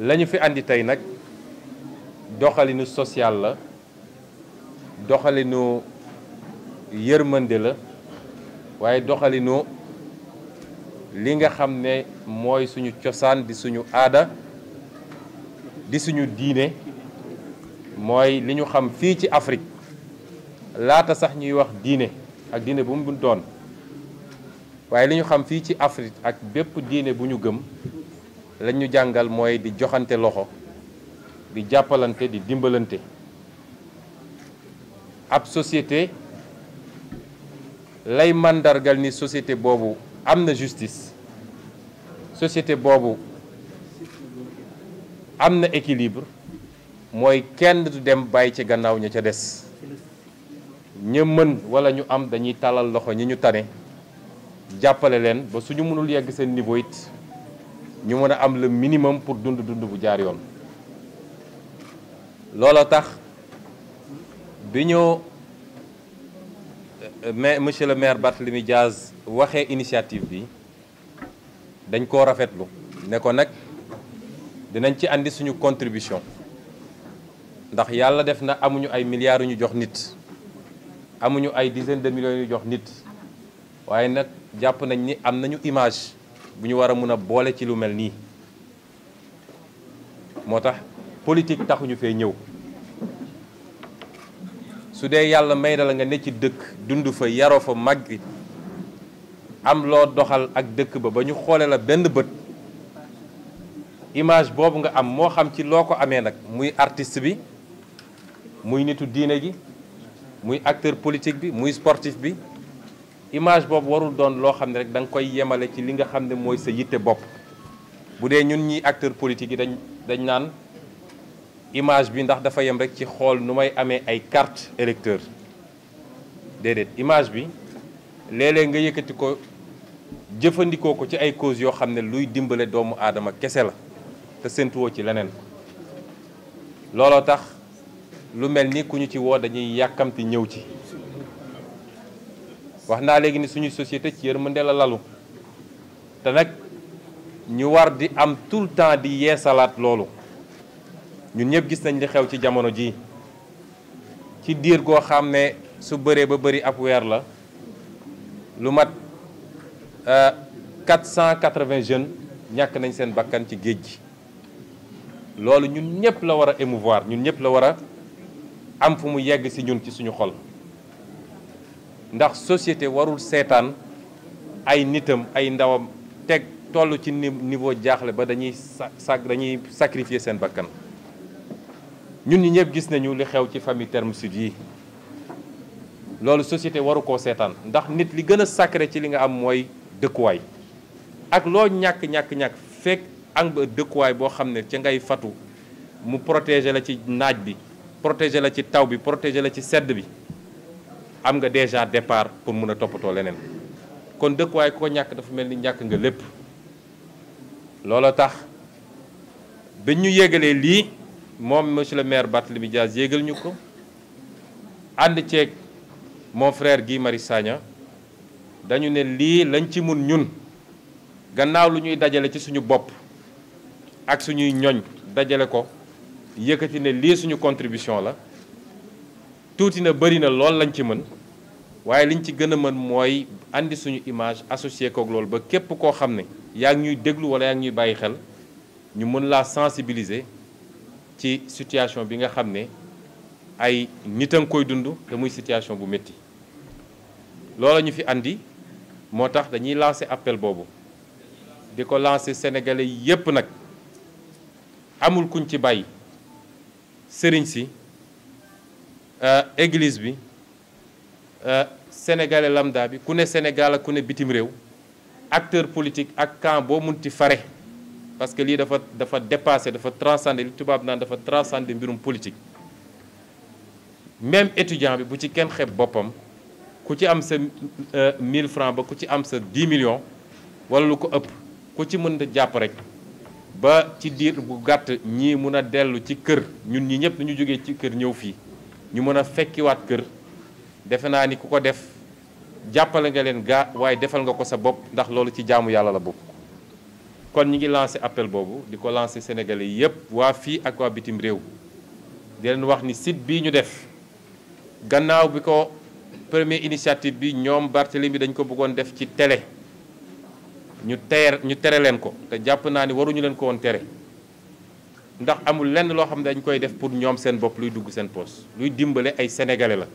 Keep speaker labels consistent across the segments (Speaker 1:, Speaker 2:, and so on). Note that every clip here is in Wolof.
Speaker 1: lañu fi indi tey nag doxalinu social la doxalinu yërmande la waaye doxalinu li nga xam ne mooy suñu cosaan di suñu aada di suñu diine mooy li ñu xam fii ci Afrique laata sax ñuy wax diine ak diine bu mu doon waaye li ñu xam fii ci Afrique ak bépp diine bu ñu gëm lañ ñu jàngal mooy di joxante loxo di jàppalante di dimbalante ab société lay màndargal ni société boobu am na justice société boobu am na équilibre mooy kenn du dem bàyyi ci gannaaw ña ca des ña mën wala ñu am dañuy talal loxo ñi ñu tane jàppale leen ba suñu mënul yegg seen niveau it ñu mën a am le minimum pour dund dund bu jaar yoon loola tax bi ñu mais monsieur le maire Barthélémy Diaz waxee initiative bi dañ koo rafetlu ne ko nag dinañ ci indi suñu contribution ndax yàlla def na amuñu ay milliards yu ñu jox nit amuñu ay dizaine de millions yu ñu jox nit waaye nag jàpp nañ ni am nañu image bu ñu war a mun a boole ci lu mel nii moo tax politique taxuñu fee ñëw su dee yàlla may na la nga ne ci dëkk dund fa yaroo fa màgg am loo doxal ak dëkk ba ba ñu xoole la benn bët image boobu nga am moo xam ci loo ko amee nag muy artiste bi muy nitu diine gi muy acteur politique bi muy sportif bi image boobu warul doon loo xam ne rek danga koy yemale ci li nga xam ne mooy sa yitte bopp bu dee ñun ñi acteurs politiques yi dañ dañ naan image bi ndax dafa yem rek ci xool nu may amee ay carte électeur déedéet image bi léeg nga yëkkati ko jëfandikoo ko ci ay cause yoo xam ne luy dimbale doomu aadama kese la te séntuwoo ci leneen looloo tax lu mel ni ku ñu ci woo dañuy yàkkamti ñëw ci wax naa léegi ni suñu société ci yërmande la lalu te nag ñu war di am tout le temps di yee salaat loolu ñun ñëpp gis nañ li xew ci jamono ji ci diir goo xam ne su bëree ba bëri ab weer la lu mat 480 euh, jeunes ñàkk nañ seen bakkan ci géej gi loolu ñun ñëpp la war a émouvoir ñun ñëpp la war a am fu mu yegg si ñun ci suñu xol ndax société warul seetaan ay nitam ay ndawam teg tollu ci niveau jaaxle ba dañuy sa dañuy sacrifier seen bakkan ñun ñi ñëpp gis nañu li xew ci famille Termes yi loolu société waru koo seetaan ndax nit li gën a sacré ci li nga am mooy dëkkuwaay ak loo ñàkk-ñàkk-ñàkk fekk ak nga dëkkuwaay boo xam ne ci ngay fatu mu protéger la ci naaj bi protéger la ci taw bi protéger la ci sedd bi am nga déjà départ pour mun a toppatoo leneen kon waaye ko ñàkk dafa mel ni ñàkk nga lépp looloo tax bi ñu yégalee lii moom monsieur le maire Barthélémy Dias yégal ñu ko ànd ceeg mon frère Guy Marius Sagna dañu ne lii lañ ci mun ñun gannaaw lu ñuy dajale ci suñu bopp ak suñuy ñoñ dajale ko yëkkati ne lii suñu contribution la tuuti na bëri na lool lañ ci mën waaye liñ ci gën a mën mooy indi suñu image associé koog loolu ba képp koo xam ne yaa ngi ñuy déglu wala yaa ngi ñuy bàyyi xel ñu mën laa sensibiliser ci situation bi nga xam ne ay nit a nga koy dund te muy situation bu métti loola ñu fi andi moo tax dañuy lancer appel boobu di ko lancer sénégalais yépp nag amul kuñ ci bàyyi sëriñ si Euh, église bi euh, sénégalais lambda bi ku ne Sénégal ak ku ne bitim réew acteur politique ak camp boo munti fare parce que lii dafa dafa dépassé dafa transcender li tubaab naan dafa transcender mbirum politique même étudiant bi bu ci kenn xeeb boppam ku ci am sa euh, mille francs ba ku ci am sa 10 millions wala lu ko ëpp ku ci mën jàpp rek ba ci diir bu gàtt ñii mun a dellu ci kër ñun ñi ñëpp ñu jógee ci kër ñëw fii ñu mën a fekkiwaat kër defe naa ni ku ko def jàppale nga leen gaa waaye defal nga ko sa bopp ndax loolu ci jaamu yàlla la bokk kon ñi ngi lancé appel boobu di ko lancé sénégalais yépp waa fii ak waa bitim réew di leen wax ni site bii ñu def gannaaw bi ko premier initiative bi ñoom Barthélemy dañ ko bëggoon def ci télé ñu teer ñu tere leen ko te jàpp naa ni waruñu leen ko woon tere ndax amul lenn loo xam ne dañ koy def pour ñoom seen bopp luy dugg seen poos luy dimbale ay sénégalais la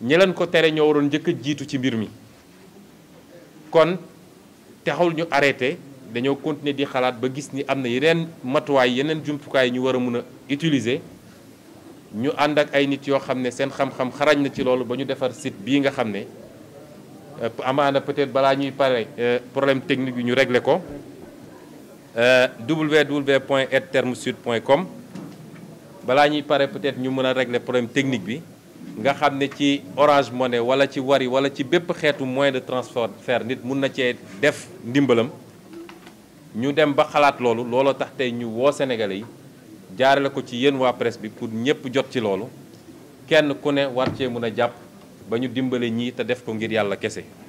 Speaker 1: ñi ko tere ñoo waroon njëkk jiitu ci mbir mi kon taxul ñu arrêté dañoo continuer di xalaat ba gis ni am na yeneen matuwaay yeneen jumtukaay ñu war a mun a utiliser ñu ànd ak ay nit yoo xam ne seen xam-xam xarañ na ci loolu ba ñu defar site bii nga xam ne euh, amaana peut-être balaa ñuy pare euh, problème technique yi ñu régler ko Euh, www point terme sud point com balaa ñuy pare peut-être ñu mën a regle problème technique bi nga xam ne ci Orange Money wala ci Wari wala ci bépp xeetu moyen de transfert nit mun na cee def ndimbalam ñu dem ba xalaat loolu looloo tax tey ñu woo Sénégalais yi jaarale ko ci yéen waa presse bi pour ñëpp jot ci loolu kenn ku ne war cee mun a jàpp ba ñu dimbale ñii te def ko ngir yàlla kese.